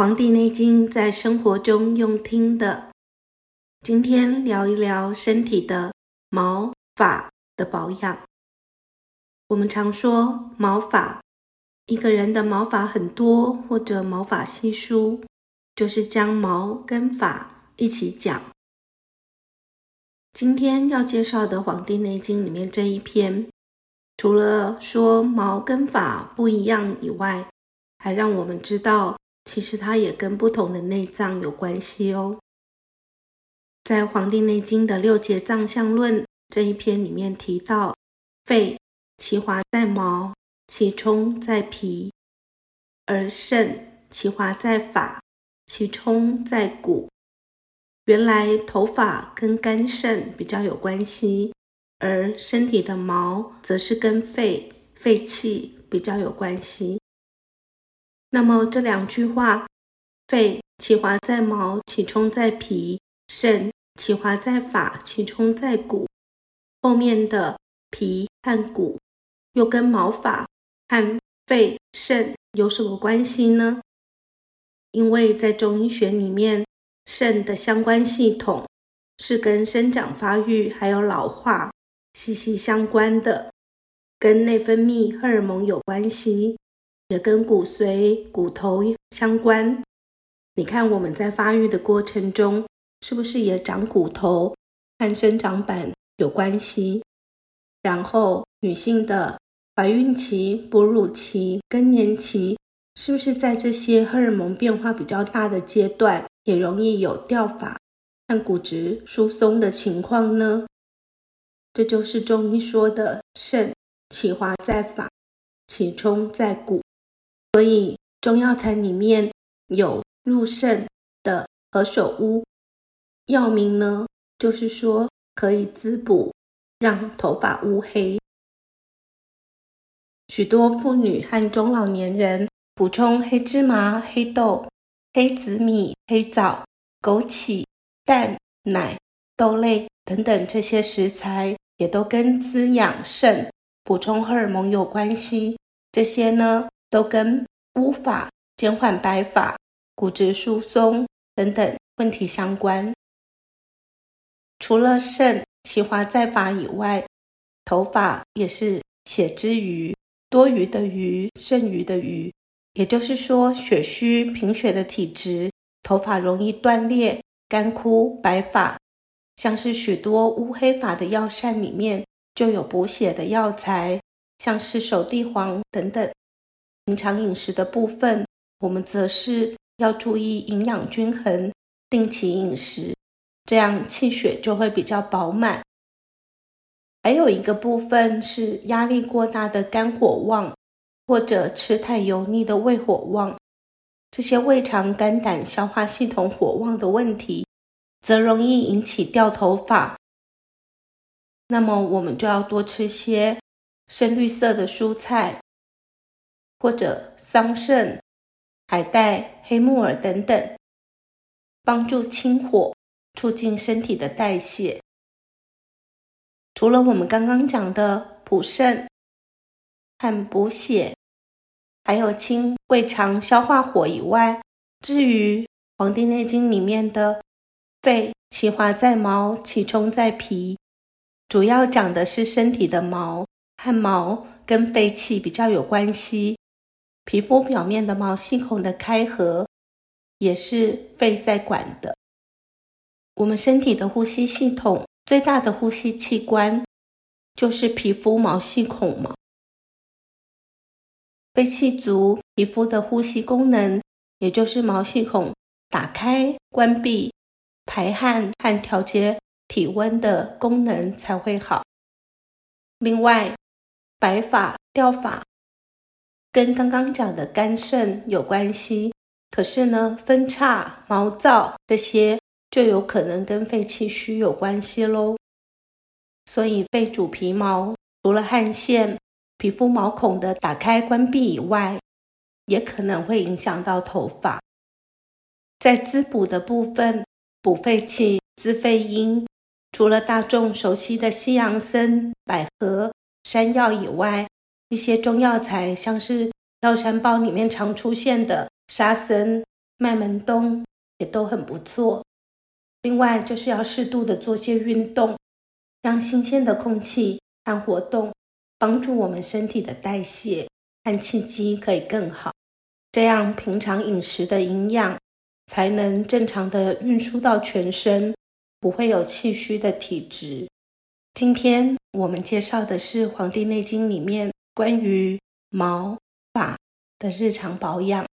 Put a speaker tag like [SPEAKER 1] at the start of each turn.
[SPEAKER 1] 《黃帝內經》在生活中用聽的，今天聊一聊身體的毛髮的保養。我們常說毛髮，一個人的毛髮很多或者毛髮稀疏，就是將毛跟髮一起講。今天要介紹的《黃帝內經》裡面這一篇，除了說毛跟髮不一樣以外，還讓我們知道。其實它也跟不同的內臟有關係哦。在《黃帝內經》的六節藏象論這一篇裡面提到，肺其華在毛，其充在皮；而腎其華在髮，其充在骨。原來頭髮跟肝腎比較有關係，而身體的毛則是跟肺肺氣比較有關係。那麼這兩句話，肺其華在毛，其充在皮，腎其華在髮，其充在骨，後面的皮和骨又跟毛髮和肺、腎有什麼關係呢？因為在中醫學裡面，腎的相關系統是跟生長發育還有老化息息相關的，跟內分泌、荷爾蒙有關係。也跟骨髓、骨頭相關。你看我們在發育的過程中，是不是也長骨頭和生長板有關係。然後女性的懷孕期、哺乳期、更年期，是不是在這些荷爾蒙變化比較大的階段，也容易有掉髮和骨質疏鬆的情況呢？這就是中醫說的腎其華在髮，其充在骨。所以中藥材裡面有入腎的何首烏，藥名呢，就是說可以滋補，讓頭髮烏黑。許多婦女和中老年人補充黑芝麻、黑豆、黑紫米、黑棗、枸杞、枸杞、蛋、奶、豆類等等這些食材，也都跟滋養腎、補充荷爾蒙有關係。這些呢。都跟烏髮、減緩白髮、骨質疏鬆等等問題相關。除了腎、其華在髮以外，頭髮也是血之餘，多餘的餘、剩餘的餘，也就是說血虛、貧血的體質，頭髮容易斷裂、乾枯、白髮。像是許多烏黑髮的藥膳裡面就有補血的藥材，像是熟地黃等等。平常飲食的部分，我們則是要注意營養均衡、定期飲食，這樣氣血就會比較飽滿。還有一個部分是壓力過大的肝火旺，或者吃太油膩的胃火旺，這些胃腸、肝膽、消化系統火旺的問題，則容易引起掉頭髮。那麼我們就要多吃些深綠色的蔬菜。或者桑葚、海帶、黑木耳等等，幫助清火，促進身體的代謝。除了我們剛剛講的補腎和補血，還有清胃腸消化火以外，至於《黃帝內經》裡面的肺“其華在毛，其充在皮”，主要講的是身體的毛汗毛跟肺氣比較有關係。皮膚表面的毛細孔的開合也是肺在管的。我們身體的呼吸系統最大的呼吸器官就是皮膚毛細孔嘛。肺氣足，皮膚的呼吸功能，也就是毛細孔打開、關閉、排汗和調節體溫的功能才會好。另外，白髮、掉髮。跟剛剛講的肝腎有關係，可是呢，分叉、毛躁這些就有可能跟肺氣虛有關係嘍。所以肺主皮毛，除了汗腺、皮膚毛孔的打開關閉以外，也可能會影響到頭髮。在滋補的部分，補肺氣、滋肺陰，除了大眾熟悉的西洋參、百合、山藥以外。一些中藥材，像是藥膳包裡面常出現的沙參、麥門冬，也都很不錯。另外，就是要適度的做些運動，讓新鮮的空氣和活動幫助我們身體的代謝和氣機可以更好。這樣，平常飲食的營養才能正常的運輸到全身，不會有氣虛的體質。今天我們介紹的是《黃帝內經》裡面。關於毛髮的日常保養。